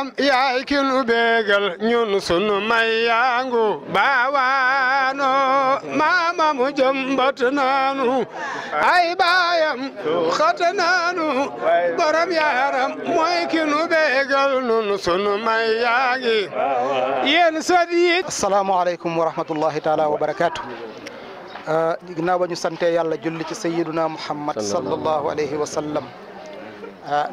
maam yaay ki nu bégal ñun sunu may yaangu baawaano maamam jëmbat naanu ay baayam xat naanu borom yaaram mooy ki nu bégal ñun sunu may yaangi yéen sët yi asalaamaaleykum wa rahmatullahi taala wa barakaatu ginnaaw ba ñu sante yàlla julli ci sayyiduna muhammad sallallahu alayhi wa sallam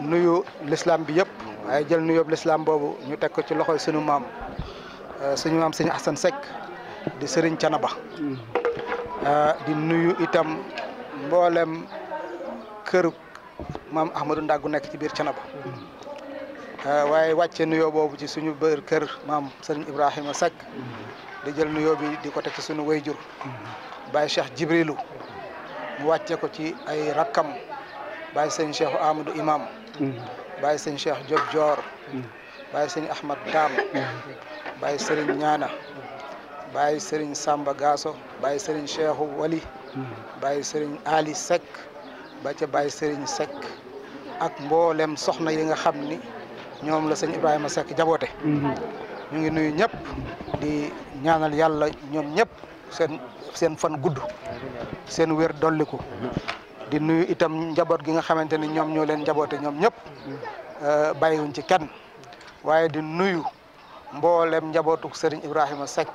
nuyu l'islam bi yëpp waaye jël nu yóbbu lislaam boobu ñu teg ko ci loxoy suñu maam euh, suñu maam suñu Assane Seck di sëriñ Canaba euh, di nuyu itam mboolem kër maam Ahmadou Ndaggu nekk ci biir Canaba euh, waaye wàcce nuyoo boobu ci suñu bër kër maam Serigne Ibrahima Seck di jël nuyoo bi di ko teg ci suñu wayjur Baye Cheikh mu wàcce ko ci ay rakkam Baye Serigne Cheikh Amadou Imam bàyyi sëñ Cheikh Diop Dior mm. bàyyi sëñ Ahmad Dam bàyyi sëriñ Ñaana bàyyi sëriñ Samba Gasso bàyyi sëriñ Cheikh Wali mm. bàyyi sëriñ Ali Seck ba ca bàyyi sëriñ Seck ak mboolem soxna yi nga xam ni ñoom la sëñ Ibrahima sekk jaboote mm-hmm. ñu ngi nuyu ñëpp di ñaanal yàlla ñoom ñëpp seen seen fan gudd seen wér dolliku di nuyu itam njaboot gi nga xamante ni ñoom ñoo leen njaboote ñoom ñëpp euh, bàyyiwuñ ci kenn waaye di nuyu mboolem njabootuk Serigne Ibrahima Seck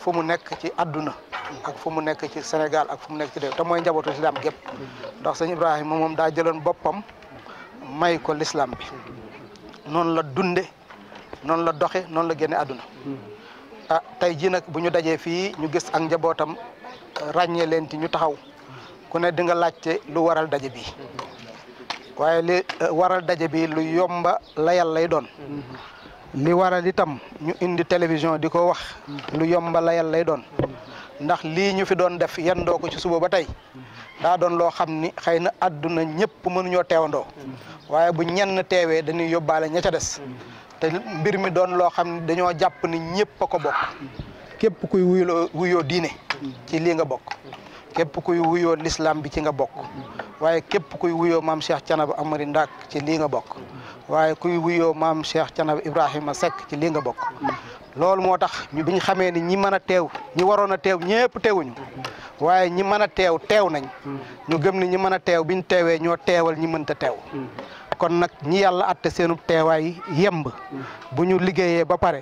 fu mu nekk ci àdduna ak fu mu nekk ci Sénégal ak fu mu nekk ci réew te mooy njabootu lislaam gépp ndax sëñ Ibrahima moom daa jëloon boppam may ko lislaam bi noonu la dunde noonu la doxe noonu la génne àdduna ah tey jii nag bu ñu dajee fii ñu gis ak njabootam ràññee leen ci ñu taxaw ku ne di nga laajte lu waral daje bi waaye li eh, daje bi lu yomba layal lay doon li waral itam ñu indi télévision di ko wax lu yomba layal lay doon ndax lii ñu fi doon def yendoo ko ci suba ba tey daa doon loo xam ni xëy na àdduna ñëpp mënuñoo teewandoo waaye bu ñenn teewee dañuy yóbbaale ña ca des te mbir mi doon loo xam ne dañoo jàpp ni ñëpp ko bokk képp kuy wuyoo wuyoo diine ci lii nga bokk képp kuy wuyoo lislaam bi ci nga bokk waaye képp kuy wuyoo maam Cheikh Canaba Amari Ndak ci lii nga bokk waaye kuy wuyoo maam Cheikh Canaba Ibrahima sekk ci lii nga bokk loolu moo tax ñu xamee ni ñi mën a teew ñi waroon a teew ñëpp teewuñu waaye ñi mën a teew teew nañ ñu gëm ni ñi mën a teew biñ teewee ñoo teewal ñi mënta teew kon nag ñi yàlla at seenu teewaay yemb bu ñu liggéeyee ba pare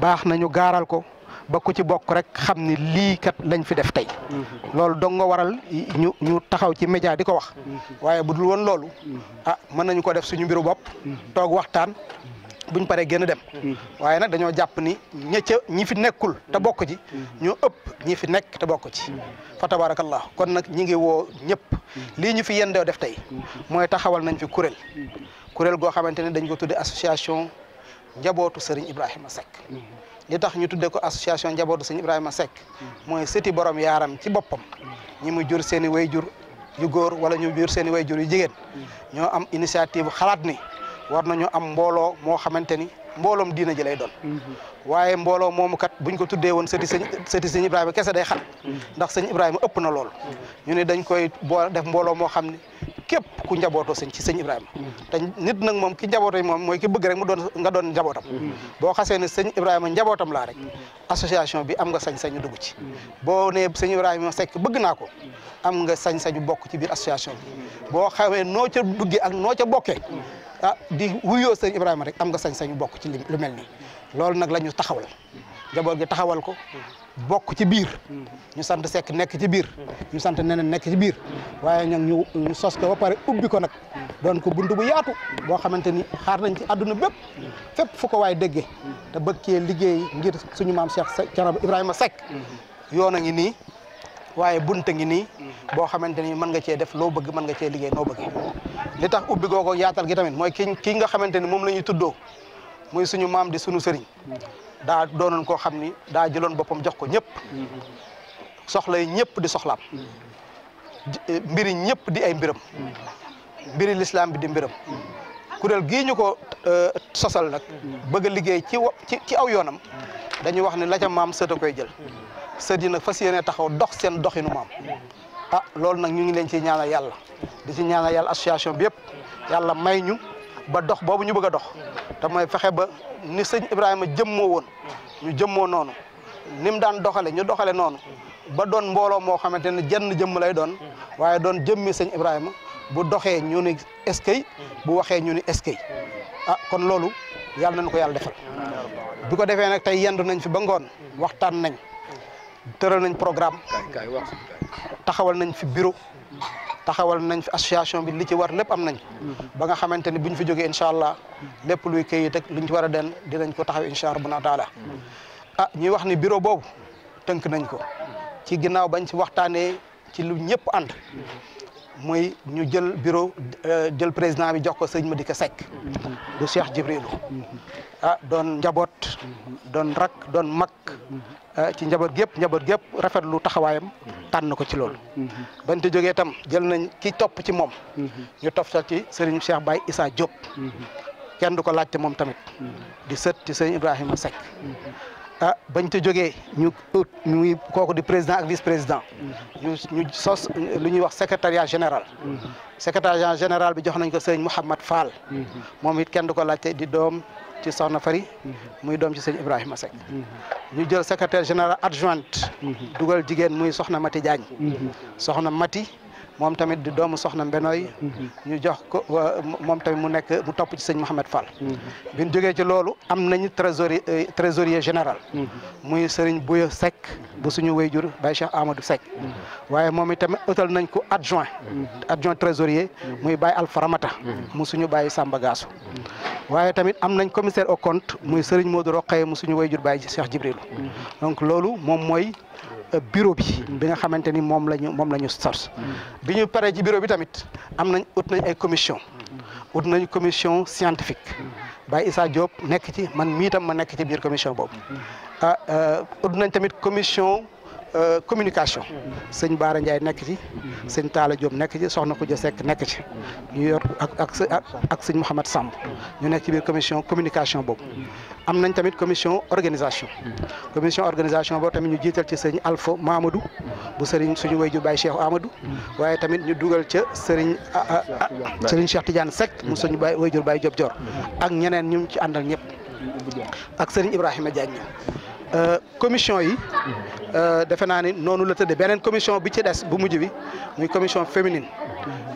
baax nañu gaaral ko ba ci bokk rek xam ni lii kat lañ fi def tey. Mhm. loolu dong waral ñu ñu taxaw ci média di ko wax. Mhm. waaye bu dul woon loolu. Mhm. ah mën nañu ko def suñu mbiru bopp. toog waxtaan. buñ paree génn a dem waaye nag dañoo jàpp ni ña ñi fi nekkul te bokk ci ñu ëpp ñi fi nekk te bokk ci fa tabarakallah kon nag ñi ngi woo ñëpp lii ñu fi yendoo def tey mooy taxawal nañ fi kuréel kuréel goo xamante ne dañ ko tudde association njabootu Serigne Ibrahima Seck li tax ñu tuddee ko association njabootu sëñ Ibrahima Seck mooy seeti boroom yaaram ci boppam ñi mu jur seen way jur yu góor wala ñu jur seen i yu jigéen ñoo am initiative xalaat ni war nañu am mbooloo moo xamante ni mbooloom diina ji lay doon waaye mbooloo moomu kat buñ ko tuddee woon sëti sëñ sëti sëñ Ibrahima kese day xat ndax sëñ Ibrahima ëpp na lool ñu ne dañ koy boo def mbooloo moo xam ne képp ku njabootoo sëñ ci sëñ Ibrahima mm-hmm. te nit nag moom ki njabootoo moom mooy ki bëgg rek mu doon nga doon njabootam mm-hmm. boo xasee ne sañ Ibrahima njabootam laa rek mm-hmm. association bi am nga sañ-sañu dugg ci boo nee sëñ Ibrahima Seck bëgg naa ko am nga sañ-sañu bokk ci biir association bi boo xawee noo ca duggee ak noo ca bokkee ah di wuyoo sañ Ibrahima rek am nga sañ-sañu bokk ci lu mel nii loolu nag la ñu taxawal jaboot gi taxawal ko bokk ci biir ñu sant sekk nekk ci biir ñu sant neneen nekk ci biir waaye ñag ñu sos ko ba pare ubbi ko nag doon ko bunt bu yaatu boo xamante ni xaar nañ ci àdduna bépp fépp fu ko waay déggee te bëggee liggéey ngir suñu maam Cheikh Thiénaba Ibrahima Seck yoon a ngi nii waaye bunta ngi nii boo xamante ni mën nga cee def loo bëgg mën nga cee liggéey noo bëgg li tax ubbi googu yaatal gi tamit mooy ki ki nga xamante ni moom la ñuy tuddoo muy suñu maam di suñu sëriñ daa doonoon koo xam ni daa jëloon boppam jox ko ñëpp soxla yi ñëpp di soxlaam eh, mbiri ñëpp di ay mbiram mbiri lislaam bi di mbiram kuréel gii ñu ko eh, sosal nag bëgg liggéey ci ci aw yoonam dañuy wax ne la maam sët koy jël sët yi nag fas yéene taxaw dox seen doxinu maam ah loolu nag ñu ngi leen ci ñaanal yàlla di ci ñaanal yàlla association bi yëpp yàlla may ñu ba dox boobu ñu bëgg a dox ta mooy fexe ba ni sëñ Ibrahima jëmmoo woon ñu jëmmoo noonu ni mu daan doxale ñu doxale noonu ba doon mbooloo moo xamante ne jenn jëmm lay doon waaye doon jëmmi sëñ Ibrahima bu doxee ñu ni eskay bu waxee ñu ni eskay ah kon loolu yàlla nañ ko yàlla defal bi ko defee nag tey yendu nañ fi ba ngoon waxtaan nañ tëral nañ programme taxawal nañ fi bureau taxawal nañ fi association bi li ci war lépp am nañ ba nga xamante ni bu ñu fi jógee incha allah lépp luy këyit ak luñ ci war a den dinañ ko taxaw incha allah taala ah ñuy wax ni bureau boobu tënk nañ ko ci ginnaaw bañ ci waxtaanee ci lu ñëpp ànd mooy ñu jël bureau euh, jël président bi jox ko sëñ Madické Seck du Cheikh Jibrilu ah doon njaboot doon rak doon mag ah, ci njaboot gépp njaboot gépp lu taxawaayam tànn ko ci loolu ban te jógee itam jël nañ ki topp ci moom ñu toftal ci sëriñ Cheikh Baye Issa Diop kenn du ko laajte moom tamit di sët ci sëñ Ibrahima Seck ah bañ te jógee ñu ut muy kooku di président ak vice président. ñu sos lu ñuy wax secrétariat général. secrétariat général bi jox nañ ko sëñ Mouhamad Fall. moom it kenn du ko laajte di doom ci Soxna Fari. muy doom ci sëñ Ibrahima Seck. ñu jël secrétaire général adjointe. dugal jigéen muy Soxna Mati Diagne. Soxna Mati. moom tamit doomu soxna Mbenooy ñu jox ko moom tamit mu nekk mu topp ci sëñ Mouhamed Fall mm-hmm. bi ñu jógee ci loolu am nañu trésorier trésorier général mm-hmm. muy sëriñ Bouya Seck bu suñu wéyjur Baye Cheikh Amadou Seck mm-hmm. waaye moom tamit utal nañ ko adjoint adjoint trésorier muy Baye Alfaramata mu suñu Baye Samba Gassou waaye tamit am nañ commissaire au compte muy sëriñ Modou Roqaye mu suñu wéyjur Baye Cheikh Jibril donc loolu moom mooy bureau bi bi nga xamante ni moom la ñu moom la ñu sos mm. bi ñu paree ci bureau bi tamit am nañ ut nañ ay commission mm. ut nañ commission scientifique mm. baay Issa Diop nekk ci man mii tam ma nekk ci biir commission boobu ah euh, ut nañ tamit commission euh, communication sëñ Baara Ndiaye nekk ci sëñ Talla Diop nekk ci soxna Koudia Seck nekk ci ñu yor ak ak ak sëñ Mouhamad Samb ñu nekk ci biir commission communication boobu am nañ tamit commission organisation commission organisation boo tamit ñu jiital ci sëriñ Alpha Mamadou bu sëriñ suñu wayju Baye Cheikh Amadou waaye tamit ñu dugal ca sëriñ ah, ah, ah, sëriñ Cheikh Tidiane Seck mu suñu Baye wayjur Baye Diop Dior ak ñeneen ñu ci àndal ñëpp ak sëriñ Ibrahima Diagne euh, commission yi euh, defe naa ni noonu la tëddee beneen commission bi ci des bu mujj wi muy commission féminine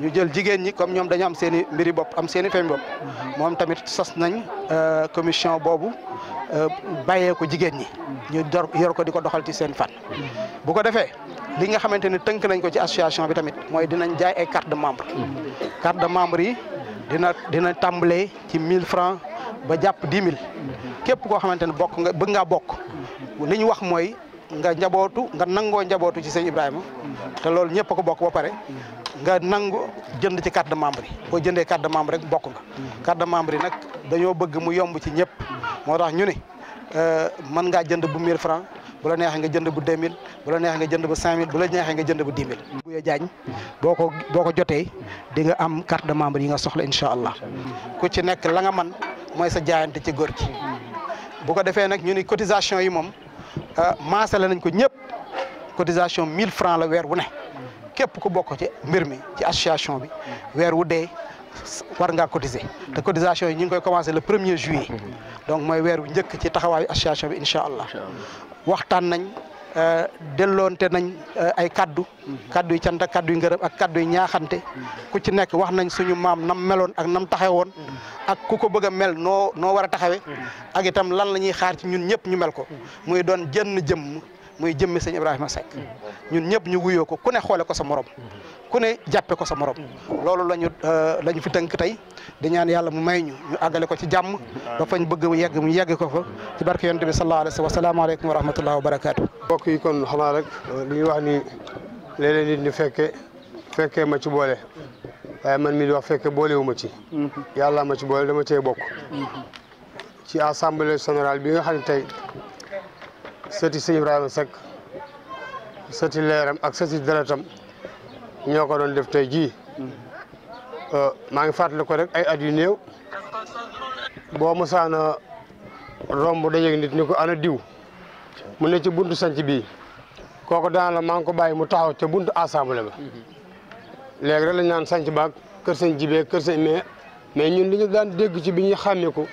ñu jël jigéen ñi comme ñoom dañu am seen mbiri bopp am seeni i feeñ bopp moom tamit sas nañ euh, commission boobu euh, bàyyee ko jigéen ñi ñu dor yor ko di ko doxal ci seen fan bu ko defee li nga xamante ne tënk nañ ko ci association bi tamit mooy dinañ jaay ay carte de membre carte de membre yi dina dina tàmbalee ci mille francs ba jàpp 10 mille képp koo xamante ne bokk nga bëgg ngaa bokk li ñu wax mooy nga njabootu nga nangoo njabootu ci sëñ Ibrahima te loolu ñëpp ko bokk ba pare nga nangu jënd ci carte de membre yi boo jëndee carte de membre rek bokk nga carte de membre yi nag dañoo bëgg mu yomb ci ñëpp moo tax ñu ne euh, mën ngaa jënd bu 1000 francs bu la neexee nga jënd bu 2000 bu la neexee nga jënd bu 5000 bu la neexee nga jënd bu 10 000. Mbuya Diagne boo ko boo ko jotee di nga am carte de membre yi nga soxla incha allah ku ci nekk la nga man mooy sa jaayante ci góor gi bu ko defee nag ñu ni cotisation yi moom euh, maasale nañ ko ñëpp cotisation 1000 francs la weer wu ne. képp ku bokk ci mbir mi ci association bi weer wu dee war ngaa cotiser te cotisation yi ñu ngi koy commencé le premier juillet donc mooy weer wu njëkk ci taxawaayu association bi incha allah waxtaan nañ euh, delloonte nañ euh, ay kaddu kaddu yu cant kaddu yu ngërëm ak kaddu yu ñaaxante ku ci nekk wax nañ suñu maam nam meloon ak nam taxawoon ak ku ko bëgg a mel noo noo war a taxawe ak itam lan la ñuy xaar ci ñun ñëpp ñu mel ko muy doon jënn jëmm muy jëmmi sëñ Ibrahima Seck ñun ñëpp ñu wuyo ko ku ne xoole ko sa morom ku ne jàppe ko sa moroom loolu lañu euh, lañu fi tënk tey dañaan yàlla mu may ñu ñu àggale ko ci jàmm ba fañ bëgg mu yàgg mu yegg ko fa ci barke yonent bi sallallahu alayhi wa sallam asalaamaaleykum wa rahmatullahi wa barakaatu mbokk yi kon xanaa rek euh, li ñu wax ni léeg-léeg nit ñu fekke fekkee ma ci boole waaye man mi di wax fekke boolewu ma ci mm-hmm. yàlla ma ci boole dama cee bokk mm-hmm. ci assemblée générale bi nga xam ne tey sëti sëñ Ibrahima Seck leeram ak sëti deretam ñoo ko doon def tey jii euh, maa ngi fàttali ko rek ay at yu néew boo mosaana romb dajeeg nit ñu ko ana diw mu ne ci bunt sanc bii kooku daan maa ngi ko bàyyi mu taxaw ca bunt assemblée ba léegi rek lañ naan sanc baag kër sëñ jibee kër sëñ mais mais ñun li ñu daan dégg ci bi ñuy xàmmeeku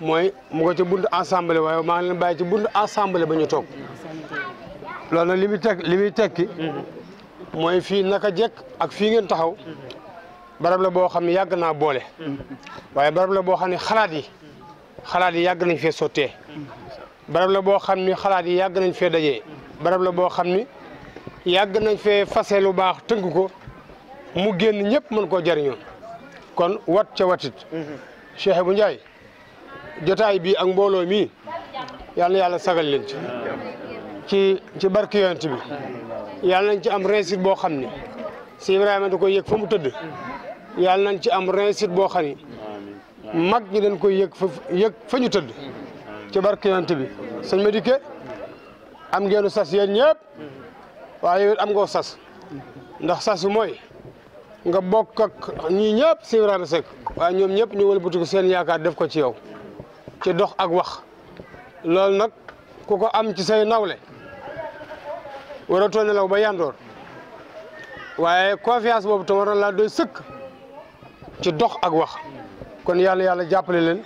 mooy mu ko ci buntu assemblée waaye maa ngi leen bàyyi ci buntu assemblée ba ñu toog loolu nag li muy tekk li muy tekki mooy fii naka jekk ak fii ngeen taxaw barab la boo xam ne yàgg naa boole waaye barab la boo xam ne xalaat yi xalaat yi yàgg nañ fee sotee barab la boo xam ni xalaat yi yàgg nañ fee dajee barab la boo xam ni yàgg nañ fee fase lu baax tënk ko mu génn ñëpp mën koo jariñoo kon wat ca watit mhm. Cheikh bu Ndiaye jotaay bi ak mbooloo mi yal na yàlla sagal leen ci ci ci barke yonent bi yàlla nañ ci am réussite boo xam ni si Ibrahima da koy yëg fa mu tëdd yàlla nañ ci am réussite boo xam ni mag ñi dañ koy yëg fa fa ñu tëdd ci barke yonent bi sëñ ma am ngeenu sas yéen ñëpp waaye yow am ngoo sas ndax sas mooy nga bokk ak ñii ñëpp si Ibrahima Seck waaye ñoom ñëpp ñu wëlbatiku seen yaakaar def ko ci yow ci dox ak wax loolu nag ku ko am ci say nawle waratoo nelaw ba yandoor waaye confiance boobu tam waroon laa doy sëkk ci dox ak wax kon yàlla yàlla jàppale leen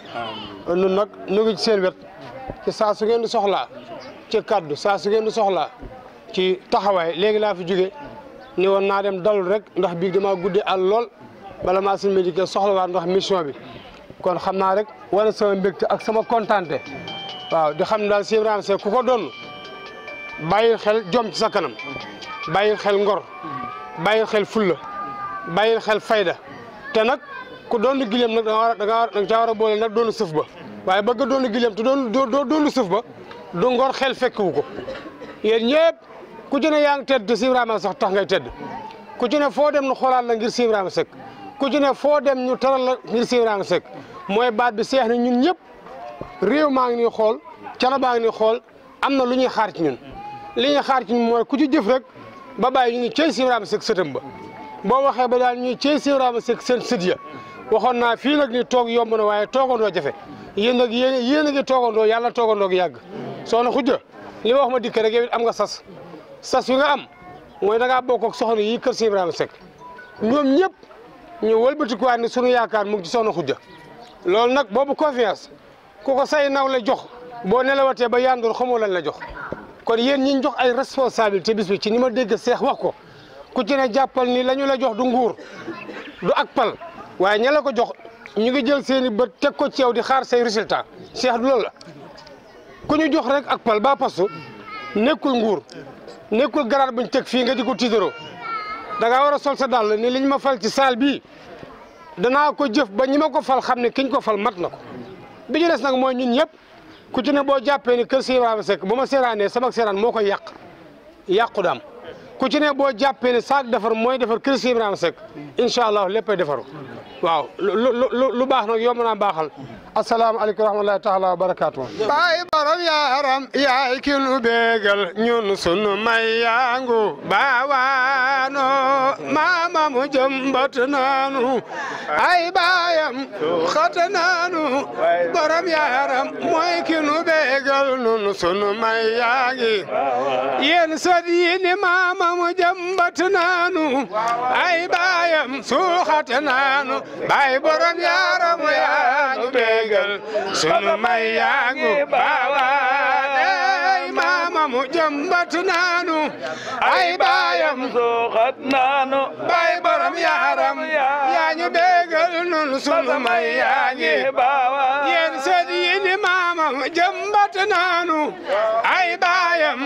nun nag nu ci seen wet ci saa su ngeen di soxlaa ci kàddu saa su ngeen di soxlaa ci taxawaay léegi laa fi jóge ni woon naa dem dalul rek ndax biig damaa guddi al lool bala maa suñu médical soxlawaat ndax mission bi kon xam naa rek wala sama mbégte ak sama kontaante waaw di xam ne daal si Ibrahima ku ko doon bàyyi xel jom ci sa kanam bàyyi xel ngor bàyyi xel fulla bàyyi xel fayda te nag ko doon gileem nag da nga war a war nag doonu sëf ba waaye bëgg doonu gileem te doon doo doonu sëf ba du ngor xel fekkiwu ko yéen ñëpp ku ci ne yaa tedd te si sax tax ngay tedd ku ci foo dem na xoolaat la ngir si Ibrahima ku ci ne foo dem ñu taral la ñu siwraang sëkk mooy baat bi seex na ñun ñëpp réew maa ngi ni xool cana baa ngi ni xool am na lu ñuy xaar ci ñun li ñuy xaar ci ñun mooy ku ci jëf rek ba bàyyi ñu ngi cey siwraang sëkk sëtam ba boo waxee ba daal ñuy cey siwraang sëkk seen sët ya waxoon naa fii nag ni toog yomb na waaye toogandoo jafe yéen nag yéen yéen a ngi toogandoo yàlla toogandoo gi yàgg soxna xujja li wax ma dikk rek yow it am nga sas sas yu nga am mooy da ngaa bokk ak yi kër si Ibrahima Seck ñu wëlbatikuwaat ni sunu yaakaar mu ngi ci soxna Khoudia loolu nag boobu confiance ku ko say naw la jox boo nelawatee ba yandoor xamoo lan la jox kon yéen ñi ñu jox ay responsabilité bis bi ci ni ma dégg seex wax ko ku ci ne jàppal ni lañu la jox du nguur du ak pal waaye ña la ko jox ñu ngi jël seen i bët teg ko ci di xaar say résultat seex du loolu la ku ñu jox rek ak pal ba pasu nekkul nguur nekkul garaat buñ teg fii nga di ko tiitaroo da war a sol sa dàll ni liñ ma fal ci saal bi danaa ko jëf ba ñi ma ko fal xam ne kiñ ko fal mat la ko bi ñu des nag mooy ñun ñëpp ku ci ne boo jàppee ne kër si a Seck bu ma seeraanee sama seeraan moo koy yàq yàqu daam ku ci ne boo jàppee ne saak defar mooy defar kër si Ibrahima Seck incha allah léppay defaru waaw lu lu lu baax nag naa baaxal asalaamaaleykum wa rahmatullahi taala wa barakaatu baay borom yaaram yaay ki nu béegal ñun sunu may yaangu baawaano maama mu jëmbat ay baayam xatanaanu borom yaaram mooy ki nu beegal nun sunu may yaagi yéen sot yi ni maama mu jëmbat naanu ay baayam suuxatanaanu baay borom yaaram yaa nu beegal sunu may yaagu baawaa mu jëmbat naanu ay baayam suuxat naanu baay xaram yaa xaram yaa ñu bégal nun sunu may yaa ñi baawa yéen sët yi di maamam jëmbat naanu ay baayam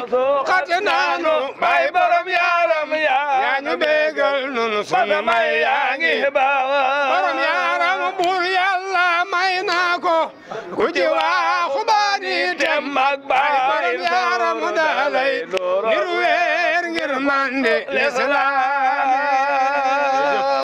xat naanu bay borom yaaram yaa ñu bégal nun sunu may yaa ñi baawa borom yaaram buur yàlla may naa ko ku ji waaxu baani dem ak baay borom yaaram daalay ngir weer ngir mande lislaam